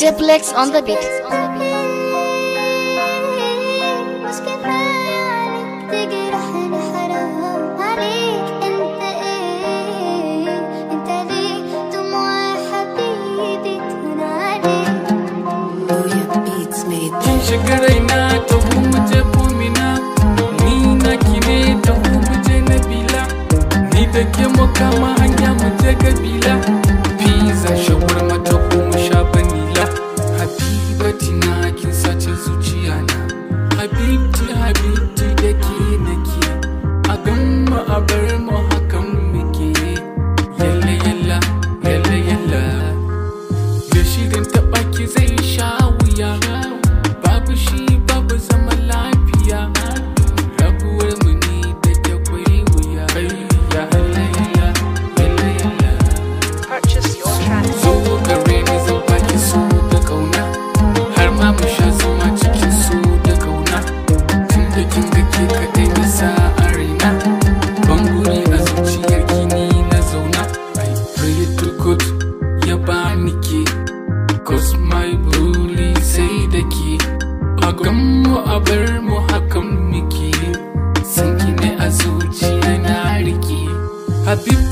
Jeplex on the beat. شكرينا تقوم تقومنا مينا كيني تقوم جنبيلا نيتك يا مكامة هنيا متقبيلا zuciya na habibti habibti da ke nake a gamma a bar mu hakan muke yalla yalla yalla yalla da shi dan taba ki zai sha wuya babu shi babu zama lafiya rabuwar mu ne da ta kwai wuya yalla yalla yalla yalla purchase your track so gare ni zan baki so da kauna har ma mu sha zuwa a mu a bar mu hakan muke sanki ne a zuciya na rike habib